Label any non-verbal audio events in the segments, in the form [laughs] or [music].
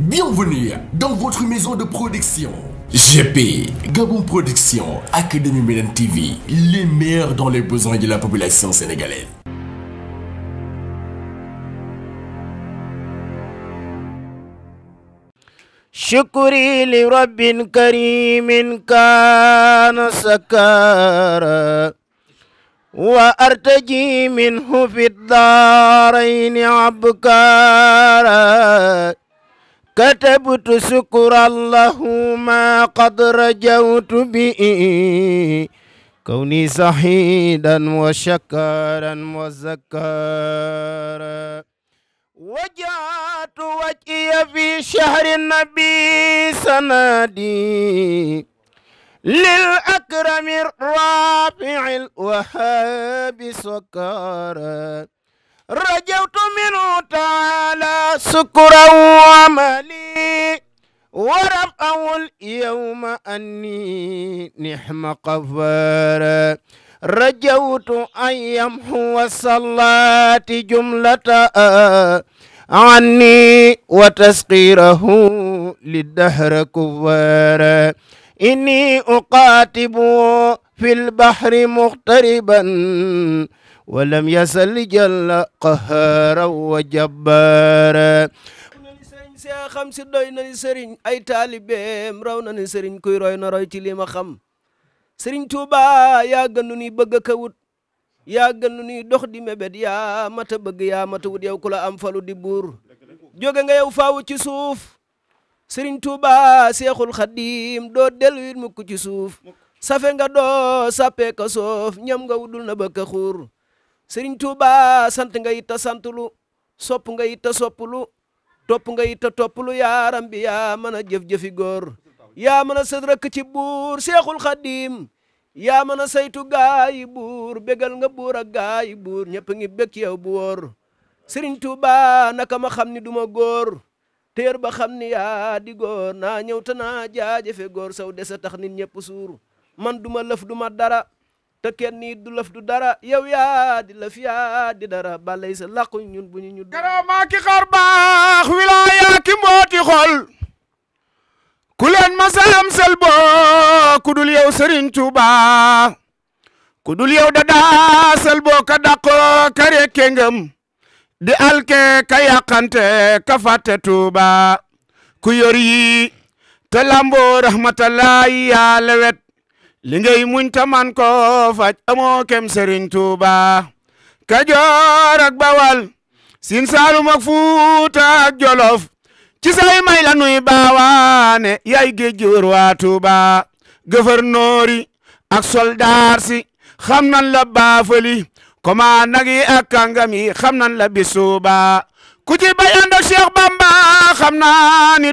Bienvenue dans votre maison de production. GP, Gabon Production, Académie Médan TV, les dans les besoins de la population sénégalaise. شكري لرب كريم كان سكارا وأرتجي منه في الدارين عبكارا كتبت شكرا له ما قد رجوت به كوني سعيدا وشكرا وذكارا وجعت وجهي في شهر النبي سنادي للأكرم الرافع الوهاب سكارا rajawtu minhu taala sukura wamali warab awul yawma anni nihma qafara rajawtu an yamhuwa salati jumlata anni wa tasqirahu lidahra kuffara inni uqatibu fi lbahri muhtariban ولم يسل جل قهارا وجبارا sia xam si doy na sëriñ ay taalibeem raw na ni sëriñ kuy roy na roy ci li ma sëriñ Tuuba yaa gën ni bëgg ka wut yaa gën ni dox di mébét ya mata bëgg yaa mata wut yow ku la am falu di buur jóge nga yow faawu ci suuf sëriñ Tuuba seexul xadim doo dellu it mukk ci suuf safe nga doo sappee ka soof ñam nga wudul na bëgg a sëriñ Tuuba sant nga yitta sant lu sopp nga yitta sopp lu nga yitta topp lu yaaram bi yaa mën a jëf-jëfi góor yaa mën a sët rëkk ci buur seexul xadim yaa mën a saytu gaayi buur nga buur ak gaayi buur ñëpp ngi bég yow bu wóor sëriñ Tuuba naka ma xam ni duma góor téer ba xam ni yaa di na naa ñëw te naa jaajëfe góor saw desa tax nit ñëpp suur man duma lëf duma dara te kenn nii du lëf du dara yow yaa di lëf dara balay sa làqu ñun bu ñu ñu garaamaa ki xar baax wilaayaa ki mbooti xol ku leen masalam sel boo ku dul yow Serigne Touba ku dul sel boo ka dàqoo ka rekke ngëm di alke ka yàqante ka fàtte Touba ku yor te lamboo rahmatallahi yaa lewet li ngay muñ ta man ko faj amoo kem Serigne Touba Kajoor ak Bawal Siin Saalum ak Jolof ci may la nuy baawaane yaay géej wër waa Touba ak soldaar si la baafali commandant yi ak kàngam yi xam nan la bisuuba ku bay ànd ak Bamba xam naa ni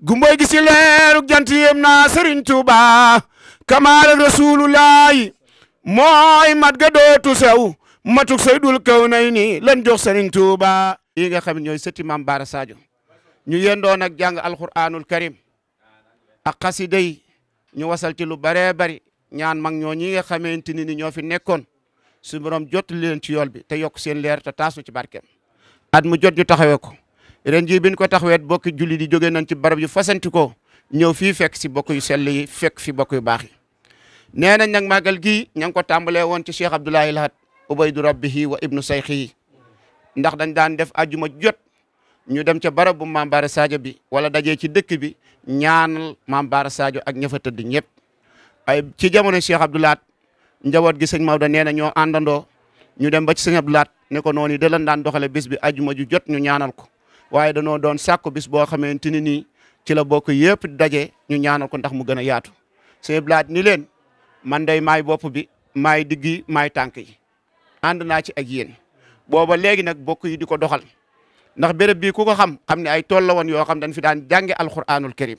gumboy gisi leeru jant yem na Serigne Touba kamaalak rasulullahi mooy mat ga dootu sew matuk saydul kaw nay ni lan jox Serigne Touba yi nga xam ne ñooy sëti Maam Bara Sadio ñu yendoon ak jàng alquranul karim ak xasida yi ñu wasal ci lu baree bari ñaan mag ñoo ñi nga xamante ni ñoo fi nekkoon su borom jot leen ci yool bi te yokk seen leer te taas ci barkeem at mu jot ñu taxawee ko ren jii bi ñu ko taxawet bokki julli di jógee nañ ci barab yu fasanti ko ñëw fi fekk si bokk yu sell yi fekk fi bokk yu baax yi nee nañ nag màggal gii ña ngi ko tàmbalee woon ci Cheikh Abdoulaye Lahat ubaydu rabbihi wa ibnu sayxihi ndax dañ daan def ajuma jot ñu dem ca barab bu Maam Bara bi wala dajee ci dëkk bi ñaanal Maam Bara ak ñafa tëdd ñëpp ay ci jamono Cheikh Abdoulaye Lahat njaboot gi sëñ Maodo nee na ñoo àndandoo ñu dem ba ci sëñ Abdoulaye ne ko noonu yi da lan daan doxale bis bi ajuma ju jot ñu ñaanal ko waaye danoo doon sàkku bis boo xamante ni ci la bokk yëpp daje ñu ñaanal ko ndax mu gën a yaatu sëñ Blaat ni leen man day maay bopp bi maay diggi maay tànk yi ànd naa ci ak yéen booba léegi nag bokk yi di ko doxal ndax béréb bii ku ko xam xam ne ay tool la woon yoo xam dañ fi daan jànge alquranul karim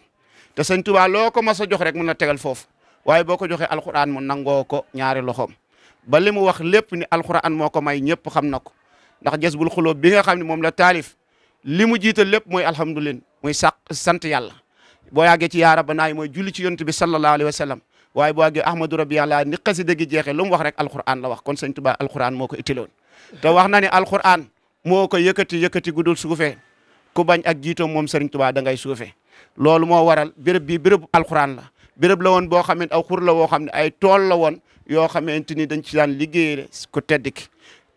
te sëñ Tuubaa loo ko mas a jox rek mun na tegal foofu waaye booko joxe joxee alquran mu nangoo ko ñaari loxoom ba li mu wax lépp ni alquran moo ko may ñëpp xam na ko ndax jës bul bi nga xam ne moom la taalif li mu jiital lépp mooy alhamdulilah mooy sax sant yàlla boo yàggee ci yaa rabbana yi mooy julli ci yonent bi sallallahu alayhi wa sallam waaye boo yàggee ahmadu rabbi yàlla ni xasida gi jeexee lu mu wax rek alquran la wax kon sëñ Tuubaa alquran moo ko ittiloon te wax na ne alquran moo ko yëkkati yëkkati gudul suufee ku bañ ak jiitoom moom sëriñ Tuubaa da ngay suufee loolu moo waral béréb bi béréb alquran la béréb la woon boo xam ne aw xur la woo xam ne ay tool la woon yoo xamante ni dañ ci daan liggéeyee ku tedd ki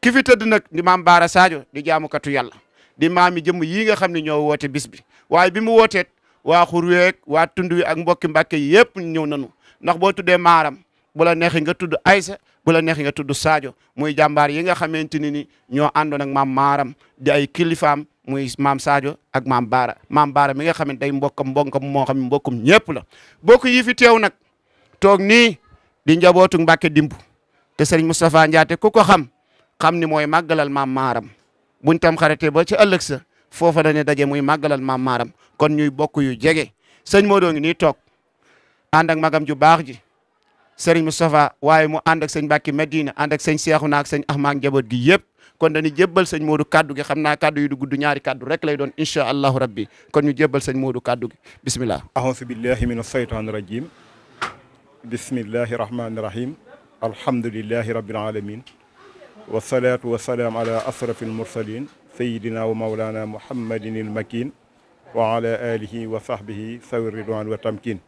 ki fi tëdd nag di maam Baara Sadio di jaamukatu yàlla di maami jëmm yii nga xam ne ñoo woote bis bi waaye bi mu wooteet waa xur weeg waa tund wi ak mbokki mbàkke yëpp ñëw nañu ndax boo tuddee maaram bu la neexee nga tudd Aysa bu la neexee nga tudd Sadio muy jàmbaar yi nga xamante ni ni ñoo àndoon ak maam maaram di ay kilifaam muy maam Sadio ak maam Baara maam Baara mi nga xam mbokkam mbokkam moo xam mbokkum ñëpp la bokk yi fi teew nag toog nii di njabootu Mbàkke dimbu te sëriñ Moustapha Ndiaté ku ko xam xam ni mooy màggalal ma maaram buñ tam xaritee ba ci ëllëg sa foofa dañuy daje muy màggalal maam maaram kon ñuy bokk yu jege sëñ Modou ngi nii toog ànd ak magam ju baax ji mu Moustapha waaye mu ànd ak sëñ Mbacke Medina ànd ak sëñ Cheikhouna ak sëñ Ahmad njaboot gi yëpp kon dañuy jébbal sañ moodu kaddu gi xam naa kaddu yi du gudd ñaari kaddu rek lay doon incha allahu rabbi kon ñu jébbal sëñ Modou kaddu gi bismillah ahousu billahi min ashaytani rajim bismillahi rahmani rahim alhamdulillahi rabbil alamin wasalaatu wasalaam almursalin sayidina wa maulana muhammadin ilmakin wa ala alihi wa sahbihi sawi ridwan wa tamkin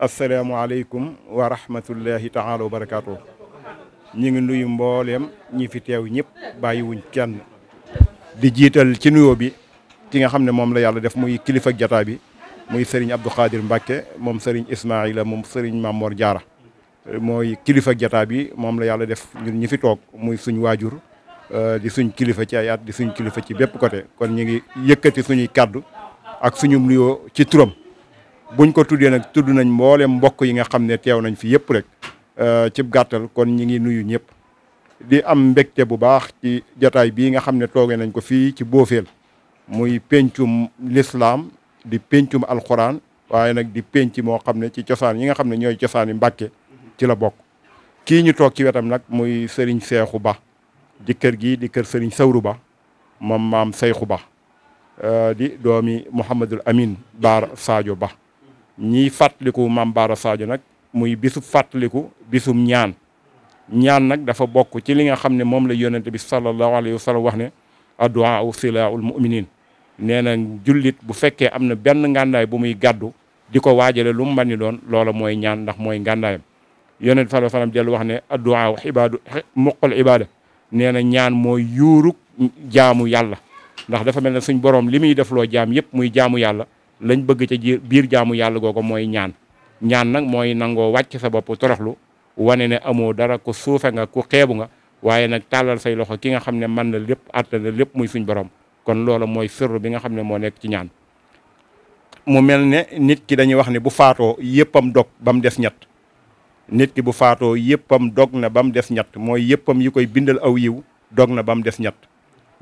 asalaamu aleykum wa rahmatullahi taala wa barakatuh ñi ngi nuyu mbooleem ñi fi teew ñëpp bàyyiwuñ kenn di jiital ci nuyoo bi ki nga xam ne moom la yàlla def muy kilifa jataa bi muy sëriñ Abdou Khadir Mbacke moom sëriñ Ismaila moom sëriñ Mamor Diarra mooy kilifa jataa bi moom la yàlla def ñun ñi fi toog muy suñ waajur euh, di suñ kilifa ci ay di suñ kilifa ci bépp côté kon ñu ngi yëkkati suñuy kàddu ak suñu nuyoo ci turam buñ ko tuddee nag tudd nañ mboolem mbokk yi nga xam ne teew nañ fi yëpp rek euh, ci gàttal kon ñu ngi nuyu ñëpp di am mbégte bu baax ci jataay bii nga xam ne toogee nañ ko fii ci boofeel muy pencum lislam di pencum alxuraan waaye nag di penc moo xam ne ci cosaan yi nga xam ne ñooy cosaani mbàkke ci la bokk kii ñu toog ci wetam nag muy sëriñ seexu ba di kër gi di kër sëriñ sawru ba moom maam seyxu ba euh, di doomi mouhamadul amin baara sadio ba ñiy fàttaliku maam baara saajo nag muy bisub fàttaliku bisum ñaan ñaan nag dafa bokk ci li nga xam ne moom la yonent bi sallallahu alayhi wa sallam wax ne addu'a silaa'ul mu'minin nee na jullit bu fekkee am na benn ngàndaay bu muy gàddu di ko waajale lu mu mën ni doon loola mooy ñaan ndax mooy ngàndaayam yonent sala salaam dellu wax ne adduwaaw ibaadu muqal ibaada nee na ñaan mooy yuurug jaamu yàlla ndax dafa mel ne suñ borom li muy loo jaam yëpp muy jaamu yàlla lañ bëgg ca biir jaamu yàlla googu mooy ñaan ñaan nag mooy nangoo wàcc sa bopp toroxlu wane ne amoo dara ku suufe nga ku xeebu nga waaye nag tàllal say loxo ki nga xam ne man na lépp àttan na lépp muy suñ borom kon loola mooy sirru bi nga xam ne moo nekk ci ñaan mu mel ne nit ki dañuy wax ne bu faatoo yëppam dog ba mu des ñett nit ki bu faatoo yëppam dog na ba mu des ñett mooy yëppam yi koy bindal aw yiw dog na ba mu des ñett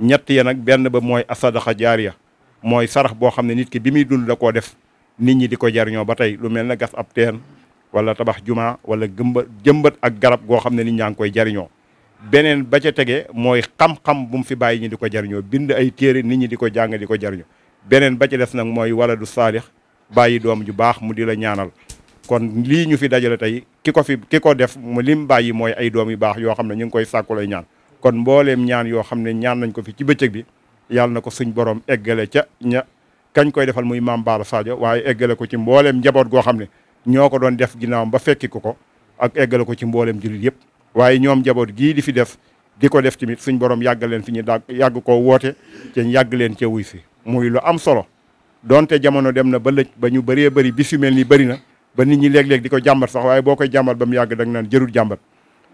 ñett ya nag benn ba mooy asadaxa jaariya mooy sarax boo xam ne nit ki bi muy dund da koo def nit ñi di ko jariñoo ba tey lu mel na gas ab teen wala tabax juma wala gëmba ak garab goo xam ne nit ñaa ngi koy jariñoo beneen ba ca tege mooy xam-xam bu mu fi bàyyi ñi di ko jariñoo bind ay téere nit ñi di ko jàng di ko jariñoo beneen ba ca des nag mooy wala du saalix bàyyi doom ju baax mu di la ñaanal kon lii ñu fi dajale tey ki ko fi ki ko def mu lim bàyyi mooy ay doom yu baax yoo xam ne ñu ngi koy sàkku lay ñaan kon mbooleem ñaan yoo xam ne ñaan nañ ko fi ci bëccëg bi yàll na ko suñ borom eggale ca ña kañ koy defal muy maam Baara Sadio waaye eggale ko ci mbooleem njaboot goo xam ne ñoo ko doon def ginnaawam ba fekki ko ko ak eggale ko ci mbooleem jullit yëpp waaye ñoom njaboot gii di fi def di ko def tamit suñ borom yàgg leen fi ñu daa yàgg koo woote te yàgg leen ca si muy lu am solo donte jamono dem na ba lëj ba ñu bëree bëri bis yu bëri na ba nit ñi léeg-léeg di ko jàmbat sax waaye boo koy jàmbat ba mu yàgg da nga naan jërul jàmbat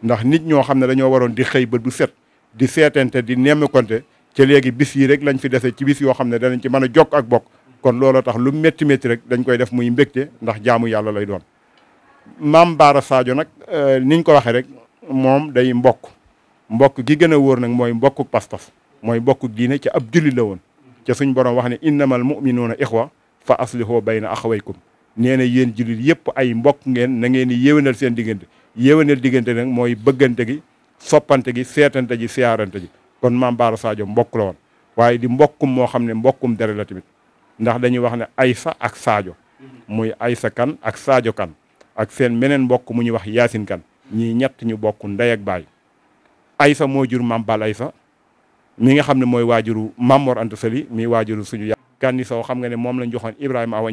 ndax nit ñoo xam ne dañoo waroon di xëy bët bu set di seetante di nemmekonte ca léegi bis yi rek lañ fi dese ci bis yoo xam ne danañ ci mën a jokk ak bokk kon looloo tax lu métti métti rek dañ koy def muy mbégte ndax jaamu yàlla lay doon maam Baara Sadio nag euh, niñ ko waxee rek moom day mbokk mbokk gi gën a wóor nag mooy mbokku pas-pas mooy mbokku diine ca ab julli woon ca borom wax ne innamal muminuuna ixwa fa asliho bayna axawaykum nee na yéen jullit yëpp ay mbokk ngeen na ngeen di yéwénal seen diggante yéwénal diggante nag mooy bëggante gi soppante gi seetante ji siyaarante ji kon maam Baara Sadio mbokk la woon waaye di mbokkum moo xam ne mbokkum dere la tamit ndax dañuy wax ne Aysa ak saajo muy Aysa kan ak Sadio kan ak seen meneen mbokk mu ñuy wax Yaasin kan ñii ñett ñu bokk ndey ak baay Aysa moo jur maam Baal Aysa mi nga xam ne mooy waajuru Mamor Anta Sali mi waajuru suñu yàq. kan ni soo xam nga ne moom lañ joxoon Ibrahima Awa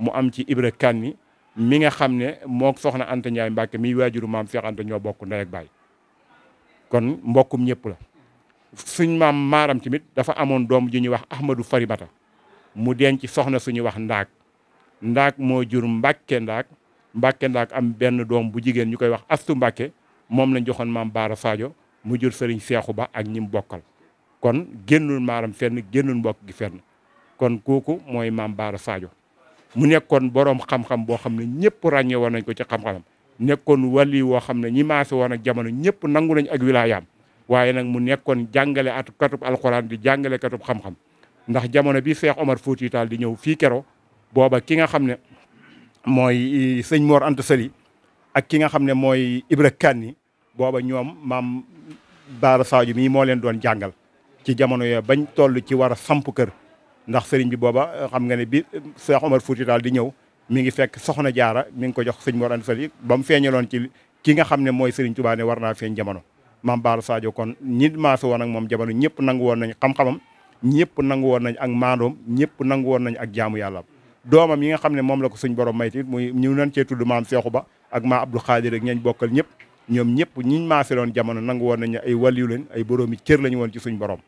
mu am ci Ibra Kanni mi nga xam ne moo soxna Anta Ndiaye Mbacke mi waajuru maam Cheikh Anta ñoo bokk ndey baay kon mbokkum ñëpp la suñ maam maaram tamit dafa amoon doom ju ñuy wax Ahmadou Faribata mu denc soxna suñuy wax ndaak ndaak moo jur Mbacke ndaak Mbacke ndaak am benn doom bu jigéen ñu koy wax Astu Mbacke moom lañ joxoon maam Baara Sadio mu jur Serigne Seexu Ba ak ñim bokkal kon génnul maaram fenn génnul mbokk gi fenn kon kooku mooy maam Baara saajo mu nekkoon borom xam-xam boo xam ne ñëpp ràññee woon nañ ko ci xam-xamam nekkoon wali woo xam ne ñi maase woon ak jamono ñëpp nangu nañ ak wilaayaam waaye nag mu nekkoon jàngale at katub alxuraan di jàngale katub xam-xam ndax jamono bi Cheikh Omar Fouti di ñëw fii kero booba ki nga xam ne mooy eh, sëñ Mor Anta Sali ak ki nga xam ne mooy Ibra Kanni booba ñoom maam Baara Sadio mii moo leen doon jàngal ci jamono yooyu bañ toll ci war a samp kër ndax sëriñ bi booba euh, xam nga ne bi euh, Cheikh Omar Fouti daal di ñëw mi ngi fekk soxna jaara mi ngi ko jox sëñ Mor Anta Sali ba mu feeñaloon ci kii nga xam ne mooy sëriñ Tuubaa ne war naa feeñ jamono maam Baara Sadio kon ñi maase woon ak moom jamono ñëpp nangu woon nañ xam-xamam ñëpp nangu woon nañ ak maandoom ñëpp nangu woon nañ ak jaamu yàlla dooma yi nga xam ne moom la ko suñ borom may tamit muy ñu nan cee tudd maam Seexu Ba ak maam Abdou Khadir ak ñañ bokkal ñëpp ñoom ñëpp ñiñ maase loon jamono nangu woon nañ ay waliyu lañ ay boroomi cër lañu woon ci suñ borom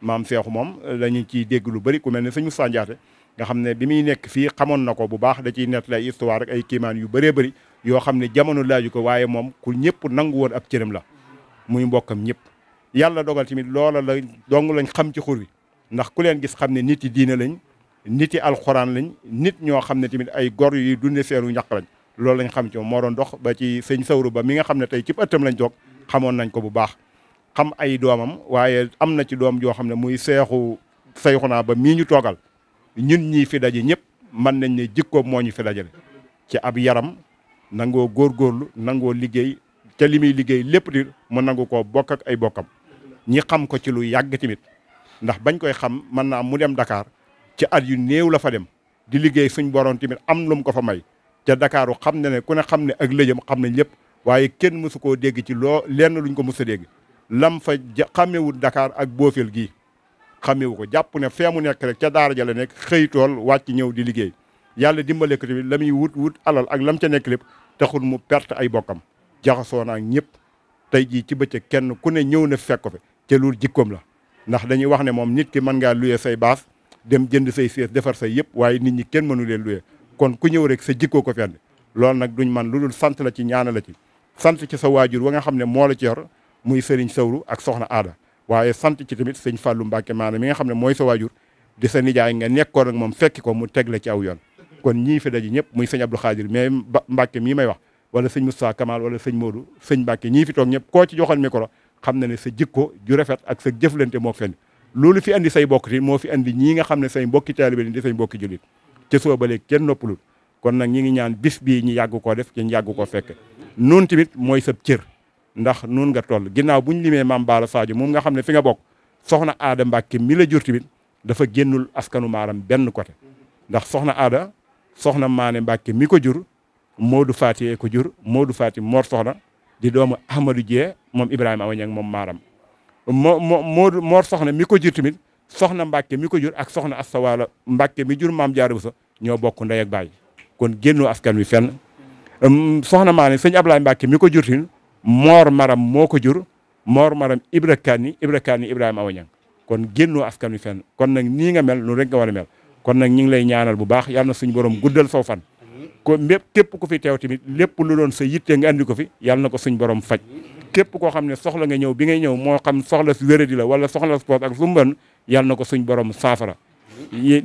maam Seexu moom dañu ciy dégg lu bëri ku mel ne sëñ Moussa nga xam ne bi muy nekk fii xamoon na ko bu baax da ci nettali ay histoire ak ay kiimaan yu bëree bari yoo xam ne jamono laaju ko waaye moom ku ñëpp nangu woon ab cërëm la muy mbokkam ñëpp yàlla dogal tamit loola la lañ xam ci xur wi ndax ku leen gis xam ne nit yi diine lañ nit yi alxuraan lañ nit ñoo xam ne tamit ay gor yuy dunde seenu ñaq lañ loolu lañ xam ci moom moo doon dox ba ci sëñ sawru ba mi nga xam ne tey ci ëttam lañ toog xamoon nañ ko bu baax xam ay doomam waaye am na ci doom joo xam ne muy seexu sayxunaa ba mii ñu toogal ñun ñii fi daje ñëpp mën nañ ne jikko moo ñu fi dajale ci ab yaram nangoo góor góorlu nangoo liggéey ca li muy liggéey lépp di mu nangu ko bokk ak ay bokkam ñi xam ko ci lu yàgg tamit ndax bañ koy xam mën naa mu dem Dakar ci at yu néew la fa dem di liggéey suñ borom tamit am lu mu ko fa may ca Dakaaru xam ne ne ku ne xam ne ak lëjëm xam ne lépp waaye kenn mësu koo dégg ci loo lenn luñ ko mës dégg lam fa xamewut Dakar ak boofel gi xamewu ko jàpp ne fee mu nekk rek ca daara ja la nekk xëy tool wàcc ñëw di liggéey yàlla dimbale ko tamit la muy wut wut alal ak lam ca nekk lépp taxul mu perte ay bokkam jaxasoo naa ñëpp tey jii ci bëccëg kenn ku ne ñëw na fekk ko fi te loolu jikkoom la ndax dañuy wax ne moom nit ki mën ngaa luyee say baas dem jënd say sees defar say yëpp waaye nit ñi kenn mënu leen kon ku ñëw rek sa jikkoo ko fenn lool nag duñ man lu dul sant la ci ñaana la ci sant ci sa waajur wa nga xam ne moo la ci yor muy Serigne Sawru ak Soxna Aada waaye sant ci tamit sëñ Fallou Mbacke maanaam mi nga xam ne mooy sa waajur di sa nijaay nga nekkoon ak moom fekki ko mu tegle ci aw yoon kon ñii fi daji ñëpp muy sëñ Abdou Khadir mais Mbacke mii may wax wala sëñ Moustapha Kamal wala sëñ Modou sëñ Mbacke ñii fi toog ñëpp koo ci joxoon micro xam na ne sa jikko ju rafet ak sa jëflante moo fen loolu fi andi say bokkiti moo fi andi ñii nga xam ne say mbokki taalibe di say mbokki julit ca soo ba léegi kenn noppalul kon nag ñi ngi ñaan bis bii ñu yàgg koo def ci ñu koo fekk noonu tamit mooy sa cër ndax nun nga toll ginnaaw buñ limee maam Baala Sadio moom nga xam ne fi nga bokk soxna aada Mbàkke mi la jur tamit dafa génnul askanu maaram benn côté ndax soxna aada soxna maane Mbàkke mi ko jur Modou Faati e ko jur Modou Faati Mor soxna di doomu Ahmadou Dieng moom Ibrahima Awa moom maaram moo moo Modou soxna mi ko jur tamit soxna Mbàkke mi ko jur ak soxna Astawaala Mbàkke mi jur maam Jaara Buso ñoo bokk ndey ak baay kon génnoo askan wi fenn soxna maane sëñ Ablaye Mbàkke mi ko jur tamit moor maram moo ko jur moor maram ibra kaani ibra kaani ibrahima awa kon génnoo askan wi fenn kon nag nii nga mel noonu rek nga war a mel kon nag ñu ngi lay ñaanal bu baax yàlla na suñu borom guddal saw fan ko mépp képp ku fi teew tamit lépp lu doon sa yitte nga andi ko fi yàlla na ko suñ borom faj képp ko xam ne soxla nga ñëw bi ngay ñëw moo xam soxla si wéradi la wala soxla sport ak sumban yàlla na ko suñ borom saafara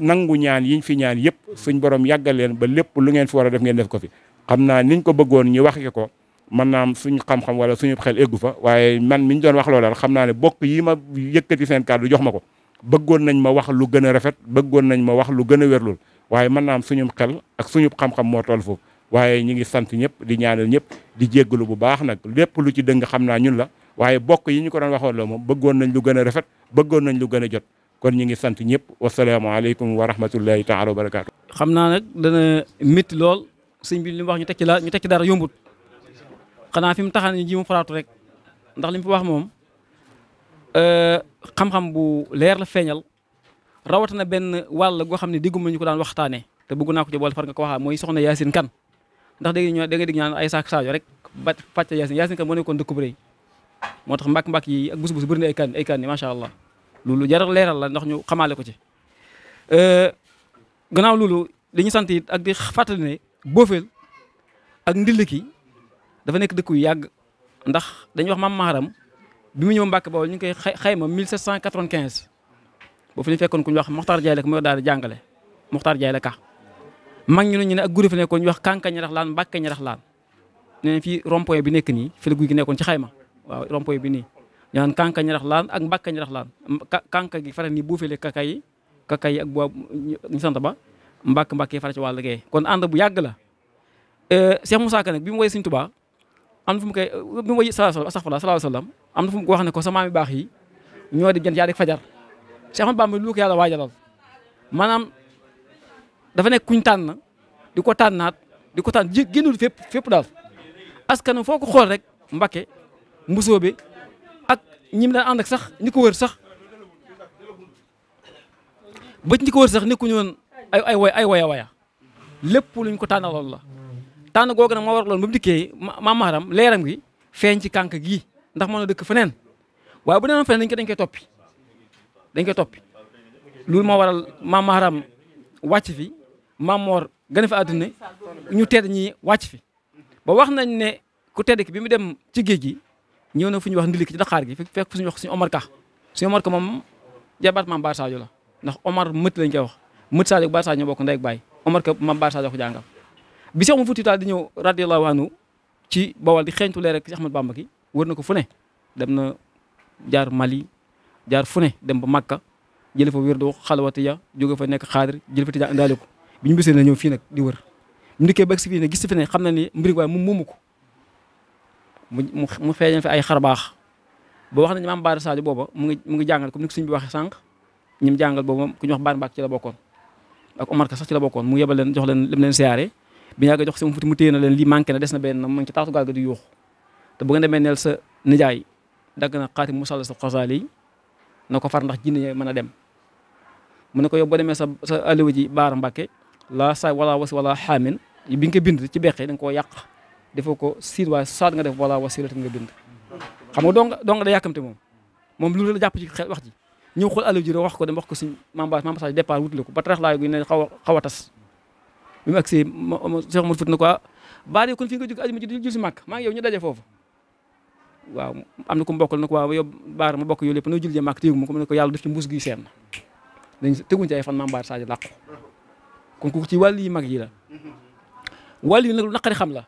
nangu ñaan yiñ fi ñaan yëpp suñ borom yàggal leen ba lépp lu ngeen fi war a def ngeen def ko fi xam naa niñ ko bëggoon ñu waxe ko mën naa am suñu xam-xam wala suñu xel eggu fa waaye man mi ñu doon wax loolu xam naa ne bokk yi ma yëkkati seen kàddu jox ma ko bëggoon nañ ma wax lu gën a rafet bëggoon nañ ma wax lu gën a wér lool waaye mën naa am suñu xel ak suñu xam-xam moo toll foofu waaye ñu ngi sant ñëpp di ñaanal ñëpp di jéggalu bu baax nag lépp lu ci dëng xam naa ñun la waaye bokk yi ñu ko doon waxoon la moom bëggoon nañ lu gën a rafet bëggoon nañ lu gën a jot kon ñu ngi sant ñëpp wasalaamaaleykum wa rahmatullahi taala wa barakaatu xam naa nag lool sëñ bi li ñu teg ci la ñu teg ci dara yombut xanaa fi mu taxaan ñu ji mu faraatu rek ndax li mu fi wax moom euh, xam-xam bu leer la feeñal rawatina benn wàll goo xam ne dégguma ñu ko daan waxtaanee te bëgg naa ko ci boole far nga ko waxaa mooy soxna Yacine Kane ndax dégg ñoo da nga dégg ñaan ay saak saajo rek ba fàcce Yacine Yacine Kane moo nekkoon dëkk bu rëy moo tax mbàkk-mbàkk yi ak bus-bus bëri na ay kaan ay kaan yi macha allah loolu jar leeral la ndax ñu xamaale ko ci euh, gannaaw loolu dañuy sant it ak di fàttali ne boofeel ak ndilliki dafa nekk dëkk yu yàgg ndax dañuy wax maam Maharam bi mu ñëw Mbàkke Bawol ñu ngi koy xayma 1795 boo fi ñu fekkoon ku ñu wax Moxtaar Jaay la ko moo daal di jàngale Moxtaar Jaay la ka mag ñu ne ñu ne ak guru fi nekkoon wax Kànka ñarax laan mbakke ñarax laan nee fii rond-point nekk nii fi la guy gi nekkoon ci xayma waaw rond-point bi nii ñu naan Kànka laan ak Mbàkke ñarax laan Kànka gi fara nii buufeele kaka yi kaka yi sant ba Mbàkke Mbàkke yi fara ci wàll gee kon ànd bu yàgg la euh, Cheikh Moussa Ka nag bi mu woy Sëñ Tuubaa am na fu mu koy bi ma sallallahu alayhi am na fu ko wax ne ko sa maam yu baax yi ñoo di jënd yaa di fajar Cheikh Ahmadou Bamba lu ko yàlla waajalal maanaam dafa nekk kuñ tànn di ko taan naat di ko taan ji génnul fépp fépp daal askan foo ko xool rek mbake mbusoo bi ak ñim daan ànd ak sax ñi ko wër sax ba ñi ko wër sax nekkuñu woon ay ay way ay waya waya lépp luñ ko tànnaloon la tànn googu nag moo war loon ba mu dikkee maam Maharam leeram gi feeñ ci kànk gi ndax mën na dëkk feneen waaye bu neenoon feneen dañ ko dañ koy toppi dañ koy toppi loolu moo waral maam Maharam wàcc fi maam Mor gën a fi àdduna ñu tedd ñi wàcc fi ba wax nañ ne ku tedd ki bi mu dem ci géej gi ñëw na fu ñuy wax ndilik ci Dakar gi fekk fu ñuy wax suñu Omar Ka suñu Omar Ka moom jabaat maam Baar Sadio la ndax Omar mët lañ koy wax mët Sadio Baar Sadio ñoo bokk ndey ak baay Omar Ka maam Baar Sadio ko bi mu Oumar di ñëw radiyallahu anhu ci Bawol di xeeñtu leer rek ci Ahmad Bamba ki wër na ko fu ne dem na jaar Mali jaar fu ne dem ba Makka jële fa wérdu xalawati ya jóge fa nekk xaadir jële fa tijaan indaale ko bi ñu bisee na ñëw fii nag di wër mu dikkee ba si fii ne gis fi ne xam na ni mbir waaye mu ko mu mu feeñal fi ay xar baax ba wax nañu maam Baara Sadio booba mu ngi mu ngi jàngal comme ni ko suñ bi waxee sànq ñi mu jàngal booba ku ñu wax Baara Mbaak ci la bokkoon ak Ka sax ci la bokkoon leen jox leen lim leen siyaare bi ñaa ko jox si mu futi mu téye na leen lii manqué na des na benn mu ngi ci taatu gaal ga yuux te bu nga demee neel sa nijaay dagg na xaati musalla sa xosaal na ko far ndax jinne ñi dem mu ne ko yow boo demee sa sa alliwa ji baara mbàkke laa sa wala wasi wala xaamin bi ko bind ci beqee da nga koo yàq defoo ko siid waaye saat nga def wala wasilatin nga bind xam nga donga donga da yàkkamte moom moom lu la jàpp ci xel wax ji ñëw xool alliwa ko dem wax ko suñ membre ko ba tax a xaw a tas bi mu agsee ma ma Cheikh Oumar Foutiyou ne quoi Baara yow kon fi nga jóg ajuma ji jul si màkk maa ngi yow ñu daje foofu waaw am na ku mu bokkal ne quoi yow Baara ma bokk yow lépp noo jul jee màkk téyegu ma ko mu ne ko yàlla def ci mbuus gi seen dañ teguñ ci ay fan maam Baara Sadio làqu kon ku ci wàll yi mag yi la wàll yi nag lu naqari xam la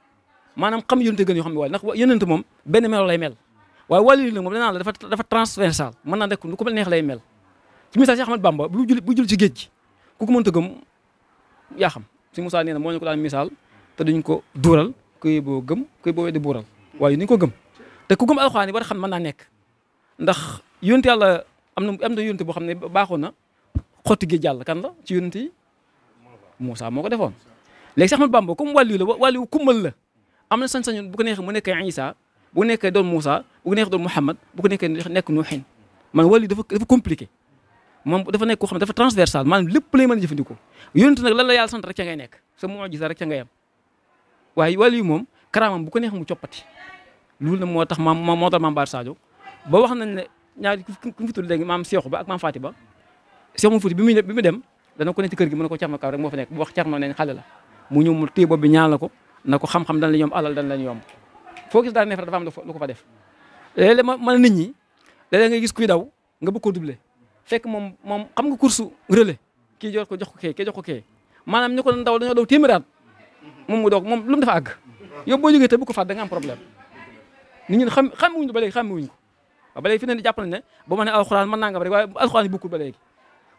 maanaam xam yónente gën yoo xam ne wàll ndax yónente moom benn melo lay mel waaye wàll yi nag moom danaa la dafa dafa transversal mën naa nekk lu ko neex lay mel ci misaal si Ahmad Bamba bu jul bu jul ci géej gi ku ko mënta gëm yaa xam suñu Moussa nee na moo ñu ko daan misaal te duñ ko duural kuy boo gëm kuy boo weddi buural waaye ni ñu ko gëm te ku gëm alxuraan yi war a xam mën naa nekk ndax yonent yàlla am na am na yonent boo xam ne baaxoon na xotti gi jàll kan la ci yonent yi Moussa moo ko defoon léegi sax ma Bamba comme wàllu la wa kumbal la am na sañ-sañu bu ko neexee mu nekkee Isa bu nekkee doon Moussa bu ko neexee doon Mouhamad bu ko nekkee nekk Nuuhin man wàllu dafa dafa moom dafa nekk koo xam ne dafa transversal maanaam lépp lay mën a jëfandikoo yonent nag lan la yàlla sant rek ca nekk sa moo gis rek ca ngay am waaye yu moom karaamam bu ko neex mu coppati loolu nag moo tax maam moo tax maam Bara Sadio ba wax nañ ne ñaari ku fi tudd léegi maam Seexu ba ak maam Faati ba Seex mu Fuuti bi mu dem dana ko ne ci kër gi mën na ko Cerno Kaw moo fa nekk bu wax Cerno nañ la mu ñëw mu téye bopp bi ñaan ko na xam-xam dañ yomb alal dañ yomb foo gis daal neefere dafa nga gis kuy daw fekk moom moom xam nga course relais kii jox ko jox ko kee kii jox ko kee maanaam ñu ko doon daw dañoo daw téeméeraat moom mu doog moom lu mu dafa àgg yow boo jógee te bu ko faat da nga am problème nit ñi xam xamuñu ba léegi xamuñu ko waaw ba léegi fi ne jàpp nañ ne ba ma alxuraan mën naa nga rek waaye alxuraan yi ba léegi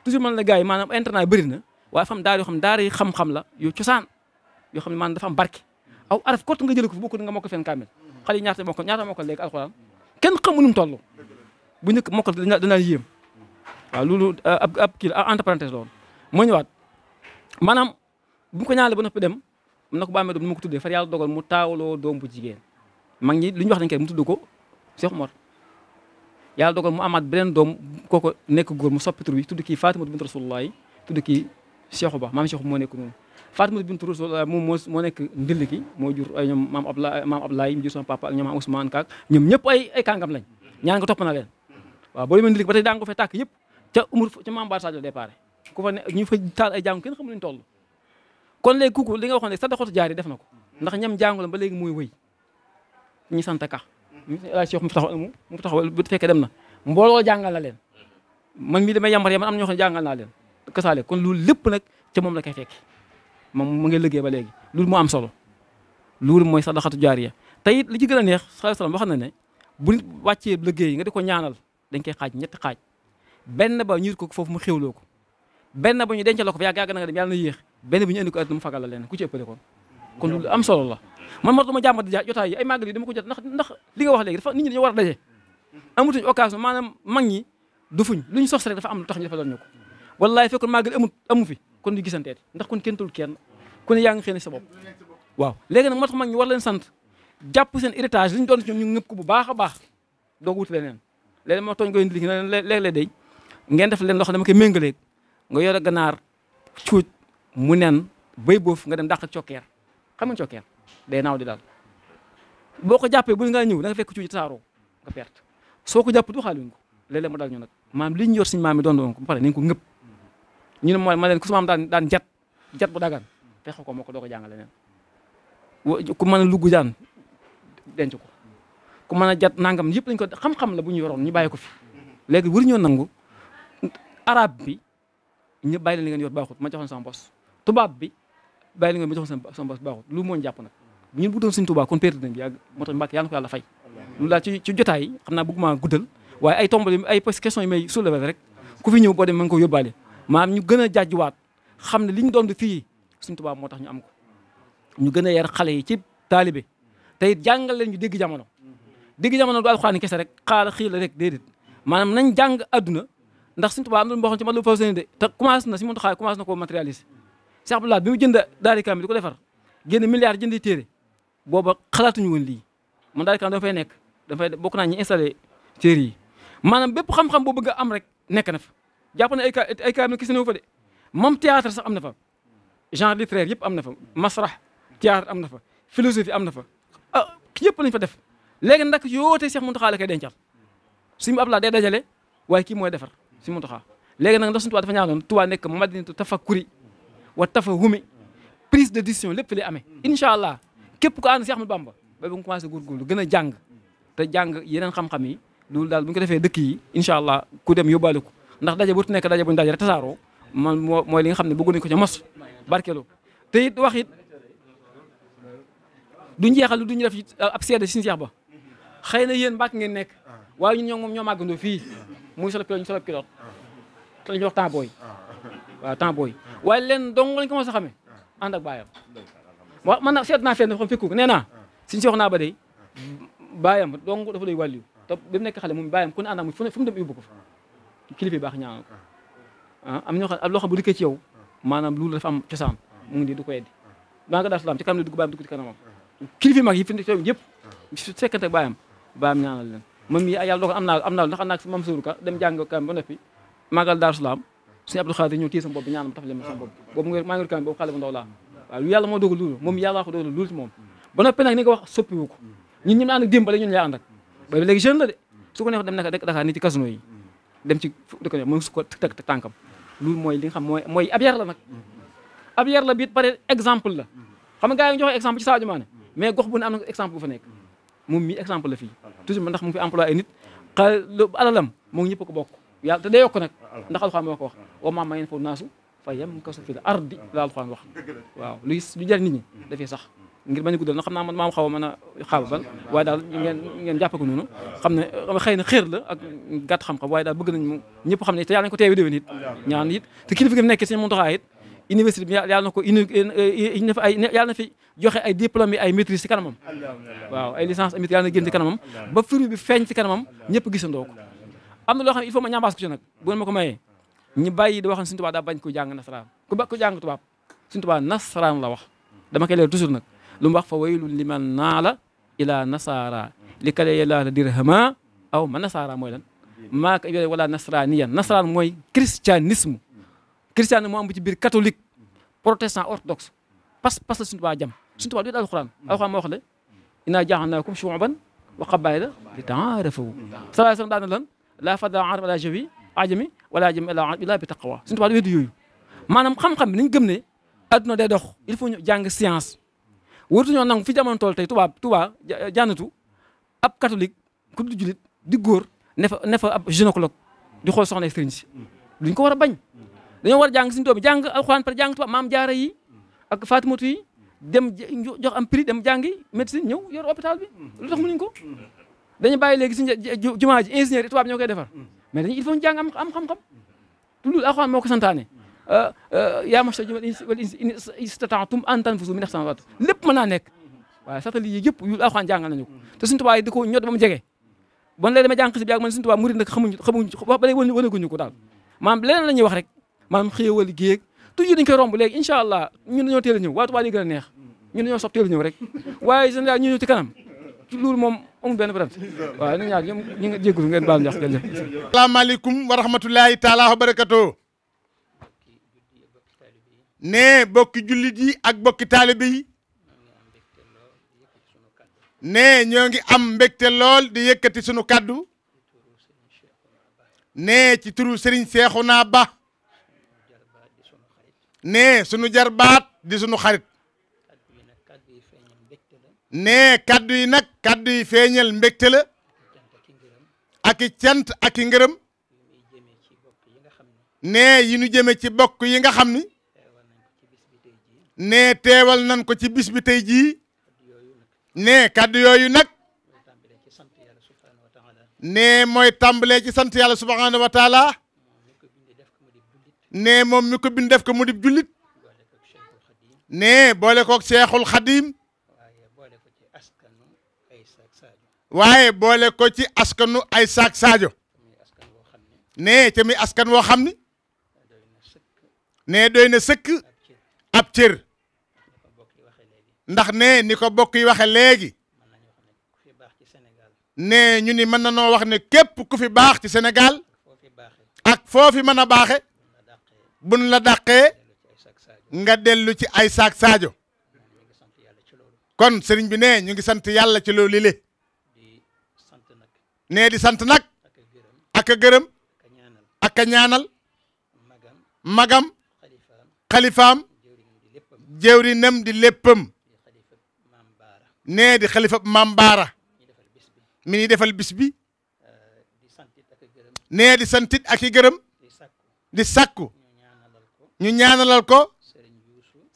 toujours man la gars yi maanaam internet bëri na waaye fam daara yoo xam daara yi xam-xam la yu cosaan yoo xam ne maanaam dafa am barke aw araf kott nga jëlee ko fi bokkul nga mokkal fenn kaamel xale yi ñaata mokkal ñaata waaw loolu euh, ab ab kii la entre parenthèse la woon moo ñëwaat maanaam bu ñu ko ñaanalee ba noppi dem na ko ba amee doom mu ko tuddee far yàlla dogal mu taawloo doom bu jigéen mag ñi li ñu wax nañ kay mu tudd ko Cheikh Omar yàlla dogal mu amaat beneen doom kooku nekk góor mu soppi tur bi tudd kii Fatima bint Rasulullah yi tudd kii Cheikh Ba maam Cheikh moo nekk noonu Fatima bint Rasulullah moom moo moo nekk ndill ki moo jur ay ñoom maam Ablaye maam Ablaye mu jur sama papa ak ñoom maam Ousmane Kaak ñoom ñëpp ay ay kàngam na leen waaw boo demee ndill tàkk yëpp ca umur ca Mambaar Sadio départ ku fa ne ñu fa taal ay jàngu kenn xamu leen toll kon léegi kooku li nga waxoon ne sadaxatu jaar yi def na ko ndax ñam jàngu la ba léegi muy wëy ñu sant ka la Cheikh mu fi taxaw mu fi taxaw bu fekkee dem na mbooloo jàngal na leen man mii damay yambar yambar am ñoo xam ne jàngal naa leen kasaale kon loolu lépp nag ca moom la koy fekk moom mu ngi liggéey ba léegi loolu moo am solo loolu mooy sadaxatu jaariya te it li ci gën a neex sallallahu alayhi wasallam wax na ne bu wàccee liggéey nga di ko ñaanal dañ koy xaaj ñetti xaaj benn ba ñu ko foofu mu xéwloo ko benn ba ñu dencal ko fa yàgg yàgg na nga dem yàlla na yéex benn bi ñu indi ko àdduna mu fagal la leen ku ci ëppale ko kon lu am solo la man moo ma jàmbat jotaay yi ay màggal yi ko jot ndax ndax li nga wax léegi a daje amatuñ maanaam mag ñi du fuñ luñ sos rek dafa am lu tax ñu defaloon ñu ko wallaay fekkoon màggal amut amu fi kon ñu gisanteeti ndax kon kenn tul kenn ku yaa ngi xëy na sa bopp waaw léegi nag moo tax mag ñi war leen sant jàpp seen héritage li ñu doon ci ñoom ñu ngëpp ko bu baax a baax doog wuti leneen léeg-léeg moo tooñ koy ndi li léeg-léeg day ngeen def leen loo xam dama koy méngaleeg nga yor a ganaar cuuj mu nen bay boof nga dem dàq ak cokkeer xam nga cokkeer day naaw di daal boo ko jàppee bu ngaa ñëw da fekk cuuj taaroo nga perte soo ko jàpp du xaaluñ ko léeg-léeg mu dal ñu nag maam li ñu yor suñu maam mi doon doon ko nañ ko ngëpp ñu ne ma leen ku su maam daan jat jat bu dagan te ko moo ko doo ko jàngale neen ku mën a lugg den denc ko ku mën a jat nangam yëpp lañ ko xam-xam la bu ñu yoroon ñu bàyyi ko fi léegi wër ñoo nangu arab bi ñëpp bàyyi leen li ngeen baaxut ma joxoon sama bos tubaab bi bàyyi leen li ngeen ma joxoon sama bos baaxut lu moo jàpp nag ñun bu doon suñ tubaab kon perte nañ yàgg moo tax mbàkk yàlla na ko yàlla fay loolu daal ci ci jotaay yi xam naa bëgguma guddal waaye yi may soulever rek ku fi ñëw boo dem ma ngi ñu gën a jaajuwaat xam ne li ñu doon fii suñ tubaab moo tax ñu am ko ñu gën a yar xale yi ci taalibe te it jàngal ñu dégg jamono dégg jamono du alxuraan kese rek xaala xii la rek déedéet maanaam nañ jàng adduna ndax Sëriñ Tuubaa am na lu mu waxoon ci Matlabul Fawzayni de te commencé na si mënut xaar commencé na koo matérialiser Cheikh Abdoulaye bi mu jënd daari kaamil di ko defar génn milliard jëndi téere booba xalaatuñu woon lii man daari kaamil dama fay nekk dafay bokk naa ñu installé téere yi maanaam bépp xam-xam boo bëgg a am rek nekk na fa jàpp na ay ka ay kaamil kese ne fa de moom théâtre sax am na fa genre littéraire yëpp am na fa masrah théâtre am na fa philosophie am na fa ah yëpp lañ fa def léegi nag yootee Cheikh Mountakha la koy dencal suñu Abdoulaye day dajale waaye kii mooy defar si Muntaxa léegi nag ndax suñu Tuubaa dafa ñaanoon Tuubaa nekk madinatu tafakkuri wa tafahumi prise de décision lépp fi ame amee incha allah képp ko ànd si Ahmadu Bamba ba ba nga commencé góorgóorlu gën a jàng te jàng yeneen xam-xam yi loolu daal bu ñu ko defee dëkk yi incha allah ku dem yóbbaale ko ndax daje bu nekk daje bu ñu saaro rek moo mooy li nga xam ne bëgg nañ ko ca mos barkeelu te it wax it duñ jeexal lu duñu def ab seede si ba xëy na yéen mbàkk ngeen nekk waaye ñun ñoo moom fii muy solo pilote ñu solo pilote ah. te la ñuy wax temps booy ah. [laughs] waaw temps booy waaye leen dong lañ ko mos a xamee ah. ànd ak baayam man seet naa fenn xam fekku nee naa suñu si wax naa ba day baayam dong dafa doy wàllu te bi mu nekk xale moom baayam ku ne ànd ak mu fu mu dem yóbbu ko fa kilifa yi baax ñaanal ko am ñoo xam am bu dikkee ci yow maanaam loolu dafa am cosaan mu ngi nii du ko yeddi maa ngi daal salaam ci kanam la dugg baayam dugg ci kanamam kilifa yi mag yi fi nekk yëpp su fekkante ak baayam baayam moom yi yàlla dogal am naa am naa ndax am naa si Mansour Ka dem jàng kaam ba noppi màggal Daaru Salaam suñu Abdou Khadir ñëw maa ngi kaam boobu xale bu ndaw laa waaw lu moo dogal loolu moom yàlla ko dogal loolu ci moom ba noppi nag ni nga wax soppiwu ko ñun ñi mu ànd démb la ñun yaa ànd ak ba léegi jeune la de su neex dem naka dëkk Dakar mooy li nga xam mooy ab yar la nag ab yar la biit pare exemple la xam nga gars yi nga joxe exemple ci Sadio Mané mais gox bu ne am na exemple bu fa nekk moom mii exemple la fii toujours ndax mu ngi fi employé ay nit xal alalam moom ñëpp ko bokk yàlla te day yokk nag ndax alxuraan moo ko wax wa maa mayen foofu naasu fa yem kasu fi la ardi la alxuraan wax waaw luy lu jar nit ñi dafay sax ngir bañ a guddal na xam naa man maam xaw a mën a xaaba ban waaye daal ngeen ngeen jàppe noonu xam ne xëy na xéer la ak gàtt xam-xam waaye daal bëgg nañ mu ñëpp ne te yàlla nañ ko teewi déwén it ñaan it te kilifa gi nekk sëñ Muntaxa it université bi yàlla na yàlla na fi joxe ay diplôme yi ay maîtrise ci kanamam waaw ay licence amit yàlla na génn ci kanamam ba fruit bi feeñ ci kanamam ñëpp gisandoo ko am na loo il faut ma ñambaas ko ci nag bu ma ko mayee ñu bàyyi di wax ne suñu tubaab daa bañ jàng nasaraan ku ba ku jàng tubaab suñu tubaab nasaraan la wax dama koy leer toujours nag lu mu wax fa waylun liman naala ila nasara li kale yàlla dirhama aw ma nasara mooy lan maa ko wala nasraaniyan nasaraan mooy christianisme christiane moo am bu ci biir catholique protestant orthodoxe pas pas la suñu Tuubaa jam suñu Tuubaa du it alxuraan alxuraan moo wax ne innaa ja'alnaakum shu'uban wa qabaa'ila li ta'aarafu sallallahu alayhi wa sallam daan na lan laa fadla arab bi taqwa suñu Tuubaa du weddi yooyu maanaam xam-xam bi nañ gëm ne adduna day dox il faut ñu jàng science waratuñoo nangu fi jamono tool tey tubaab tubaab jànnatu ab catholique ku julit di góor ne fa ne fa ab gynécologue di xool soxna sëriñ si duñ ko war bañ dañoo war a jàng suñu doom jàng alxuraan par jàng tubaab maam jaara yi ak Fatimatu yi dem jox am prix dem jàngi médecine ñëw yor hôpital bi lu tax mënuñ ko dañu bàyyi léegi suñu jumaa ji ingénieur yi tubaab ñoo koy defar mais dañu il faut ñu am am xam-xam loolu alxuraan moo ko santaane euh, euh, yaa masa wala istataatum an tanfusu min ahsani waatu naa nekk waaye satali yi yëpp yu alxuraan jàngal nañu ko te suñu tubaab yi di ko ñot ba mu jege bon léegi dama jàng si bi ak man suñu tubaab murid nag xamuñu xamuñu ba léegi wënaguñu ko daal maanaam leneen la ñuy wax rek maanaam xéewal géeg toujours dañ koy romb léegi incha allah ñun dañoo teel a ñëw waa Touba di gën a neex ñun dañoo sob teel ñëw rek waaye général ñu ñëw ci kanam ci loolu moom amul benn problème waaw ñu ñaar ñoom ñu ngi jégalu ngeen baal ñax jërëjëf. salaamaaleykum wa rahmatulahi taala wa barakatu. nee bokki ak bokki taalibe yi. nee ngi am mbégte lool di yëkkati sunu kaddu. nee ci turu Serigne Cheikhouna Ba. nee sunu jarbaat di sunu xarit nee kaddu yi nag kaddu yi feeñal mbégte la ak i cant ak i ngërëm nee yi nu jëmee ci bokk yi nga xam ni nee teewal nan ko ci bis bi tey jii nee kaddu yooyu nag nee mooy tàmbalee ci sant yàlla subhaanahu nee moom mi ko bind def ko mu dib jullit nee boole koog Seexul Xadiim waaye boole ko ci askanu ay saak Sadio nee te muy askan woo xam ni nee doy na sëkk ab cër ndax ne ni ko bokk yi waxe léegi ne ñu ni mën na noo wax ne képp ku fi baax ci senegal ak foo fi a baaxe buñ la dàqee nga dellu ci ay saak saajo kon sëriñ bi ne ñu ngi sant yàlla ci loolu le nee di sant nag ak a gërëm ak a ñaanal magam xalifaam jëwriñam di léppam nee di xalifa maam baara mi ñuy defal bis bi nee di santit ak i gërëm di sàkku ñu ñaanalal ko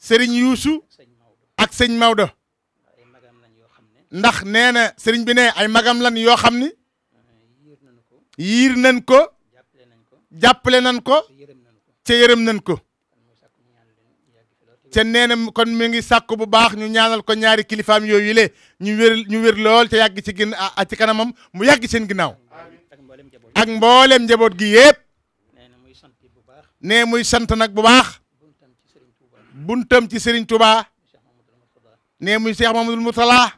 sëriñ Yuusu ak sëñ Maodo ndax nee na sëriñ bi ay magam lan yoo xam ni yiir nañ ko jàppale nañ ko ca yërëm nañ ko ca nee na kon mi ngi sàkku bu baax ñu ñaanal ko ñaari kilifaam yooyu le ñu wér ñu wér lool ca yàgg ci gin ci kanamam mu yàgg seen ginnaaw ak mboolem njaboot gi yëpp nee muy sant nag bu baax buntam ci Serigne Touba nee muy Cheikh Mamadou Moutala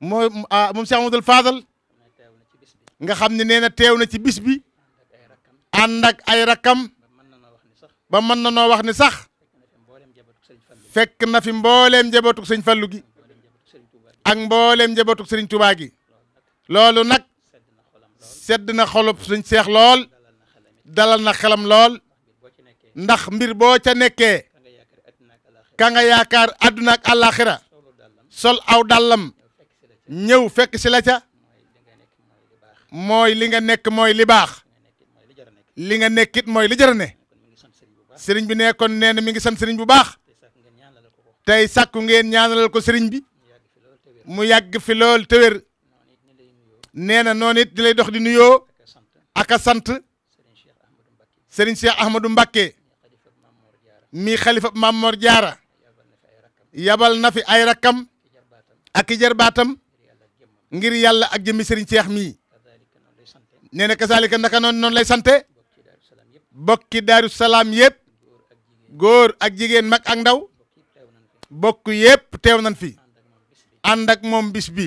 moom ah moom Cheikh Mamadou Fadal nga xam ne nee na teew na ci bis bi ànd ak ay rakam ba mën na noo wax ne sax fekk na fi mbooleem njabootu sëñ Fallu gi ak mbooleem njabootu sëriñ Touba gi loolu nag sedd na xolub sëñ Seex lool dalal na xelam lool ndax mbir boo ca nekkee ka nga yaakaar àdduna ak àllaaxira sol aw dàllam ñëw fekk si la ca mooy li nga nekk mooy li baax li nga nekkit mooy li jërë ne sëriñ bi ne kon nee na mi ngi sant sëriñ bu baax tey sàkku ngeen ñaanalal ko sëriñ bi mu yàgg fi lool te wér nee na noonu di lay dox di nuyoo ak a sant sëriñ Cheikh Ahmadou Mbacké mi xalifa Maam Mor Jaara yabal na fi ay rakkam ak i jarbaatam ngir yàlla ak jëmmi sëriñ Seex mii nee na kasaalika naka noonu noonu lay sante bokki daaru salaam yëpp ak jigéen mag ak ndaw bokk yëpp teew nañ fi ànd ak moom bis bi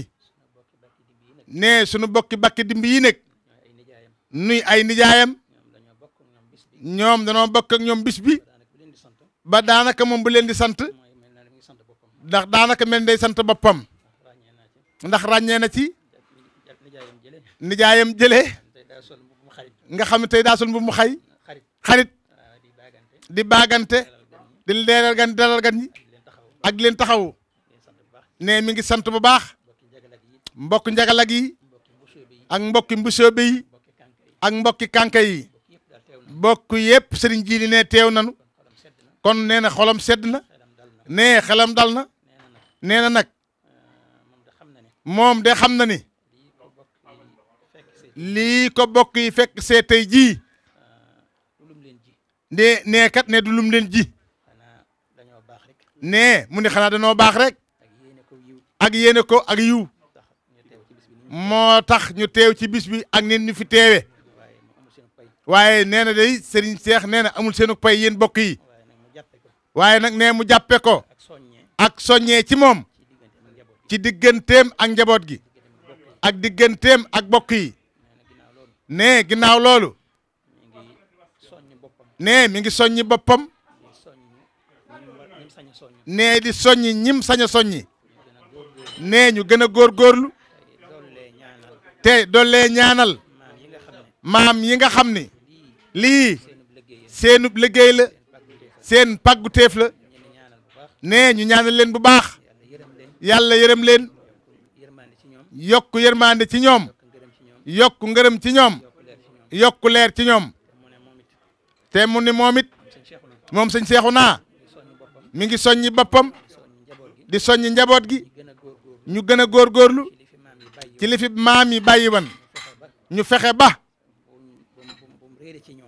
ne suñu bokki bakki dimb yi nekk nuy ay nijaayam ñoom danoo bokk ak ñoom bis bi ba daanaka moom bu leen di sant ndax daanaka mel day sant boppam ndax ràññee na ci nijaayam jëlee nga xam ne tey daa sol bu mu xay xarit di baagante di leeral gan dalal gan ñi ak leen taxaw ne mi ngi sant bu baax mbokk njagalak yi ak mbokki mbusoobe yi ak mbokki kànka yi bokk yëpp sëriñ ji li ne teew nanu kon nee na xolam sedd na nee xelam dal na nee na nag moom de xam na ni lii ko bokk yi fekk see tey jii ne nee kat ne du lum leen ji nee mu ne xanaa dañoo baax rek ak yéene ko ak yiw moo tax ñu teew ci bis bi ak neen ñu fi teewe waaye nee na day Serigne seex nee na amul seenu pay yéen bokk yi waaye nag nee mu jàppe ko ak soññee ci moom ci digganteem ak njaboot gi ak digganteem ak bokk yi nee ginnaaw loolu nee mi ngi soññi boppam nee di soññi ñim sañ a soññi nee ñu gën a góorgóorlu te doollee ñaanal maam yi nga xam ni lii seenub liggéey la seen pàggu teef la nee ñu ñaanal leen bu baax yàlla yërëm leen yokk yërmande ci ñoom yokk ngërëm ci ñoom yokk leer ci ñoom te mu ne moom it moom sëñ seexu naa mi ngi soññi boppam di soññi njaboot gi ñu gën a góorgóorlu ci li fi maam yi bàyyi woon ñu fexe ba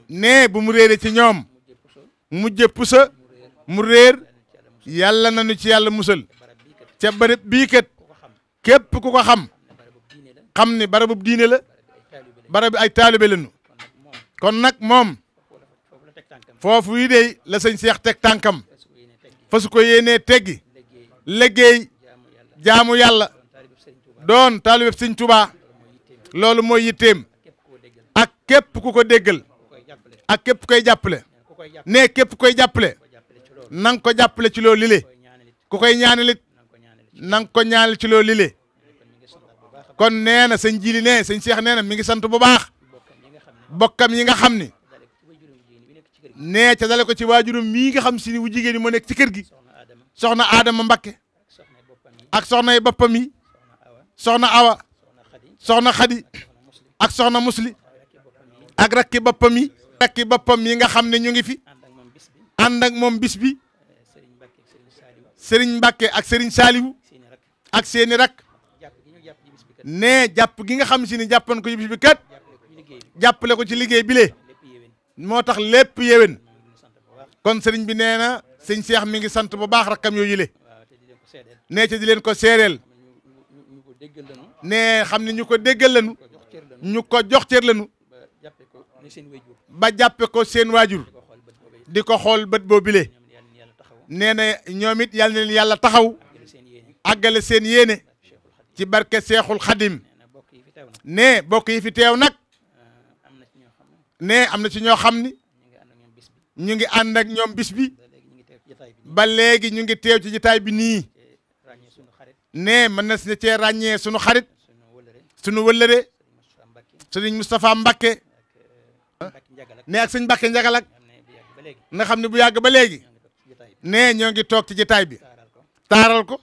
nee bu mu réere ci ñoom mujje pusa mu réer yàlla nañu ci yàlla musal ca bërëb bii kat képp ku ko xam xam ni barabu diine la barabu ay taalibe lañu kon nag moom foofu yi dey la sëñ Seex teg tànkam fa su ko yéenee teggi liggéey jaamu yàlla doon taalibe sëñ Tuubaa loolu mooy yitteem ak képp ku ko déggal ak képp koy jàppale ne képp koy jàppale na nga ko jàppale ci loolu lile ku koy ñaanalit na nga ko ñaanal ci loolu lile kon nee na sëñ jili ne sëñ Cheikh nee na mi ngi sant bu baax bokkam yi nga xam ni nee ca dale ko ci waajurum mii nga xam si wu jigéen ñi moo nekk ci kër gi soxna Adama Mbakke ak soxnay boppam yi soxna Awa soxna Xadi ak soxna Musli ak rakki boppam yi mbakki boppam yi nga xam ne ñu ngi fi ànd ak moom bis bi sëriñ Mbàkke ak sëriñ eh, Saaliwu ak seeni rak nee jàpp gi nga xam si ni jàppoon ko ci bis bi kat jàppale ko ci liggéey bi moo tax lépp yéwén kon sëriñ bi nee na sëñ Cheikh mi ngi sant bu baax rakkam yooyu le nee di leen ko seereel nee xam ne ñu ko déggal lañu ñu ko jox cër lanu ba jàppe ko seen waajur di ko xool bët boobile nee na ñoom it yal na leen yàlla taxaw àggale seen yéene ci barke Seexul Xadim ne bokk yi fi teew nag ah, ne am na ci ñoo xam ni ñu ngi ànd ak ñoom bis bi ba léegi ñu ngi teew ci jitaay bi nii nee mën na si cee ràññee sunu xarit sunu wëllëre sëriñ Moustapha Mbakke ne ak sëñ Mbàkke Njagal ak nga xam ne bu yàgg ba léegi nee ñoo ngi toog ci jataay bi taaral ko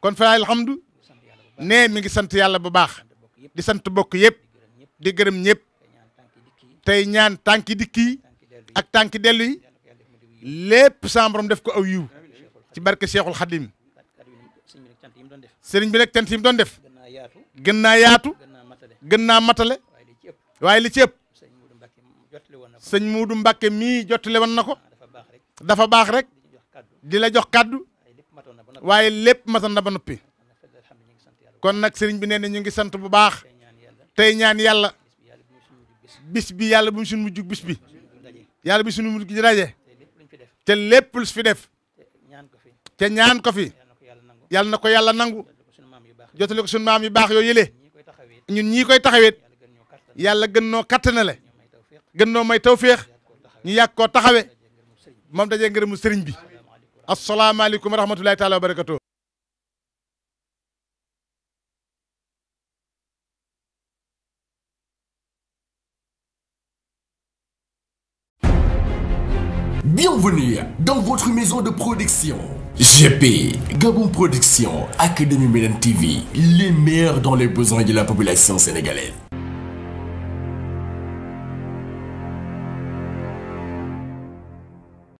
kon fa alhamdu ne mi ngi sant yàlla bu baax di sant bokk yëpp di gërëm ñëpp tey ñaan tànki dikk yi ak tànki dellu yi lépp sàmbaram def ko aw yiw ci barke Cheikhul Khadim sëriñ bi nag cant yi mu doon def gën na yaatu gën naa matale waaye li ci ëpp. sëñ Muudu Mbàkke mii jottale woon na ko ah, dafa baax rek di la jox kàddu waaye lépp matan na ba noppi kon nag sëriñ bi nee na ñu ngi sant bu baax tey ñaan yàlla bis bi yàlla bu mu suñu mujjug bis bi yàlla bi suñu mujjug daje te lépp lu fi def te ñaan ko fi yàlla na ko yàlla nangu jotale ko suñu maam yu baax yoo yëlee ñun ñii koy taxawet yàlla gën noo kattanale gën noo may tawféex ñu yàgg koo taxawe moom dajee mu sëriñ bi asalaamaaleykum wa rahmatulahi taala wa barakatu de production. GP, Gabon Production, Académie Médan TV, les meilleurs dans les besoins de la population sénégalaise.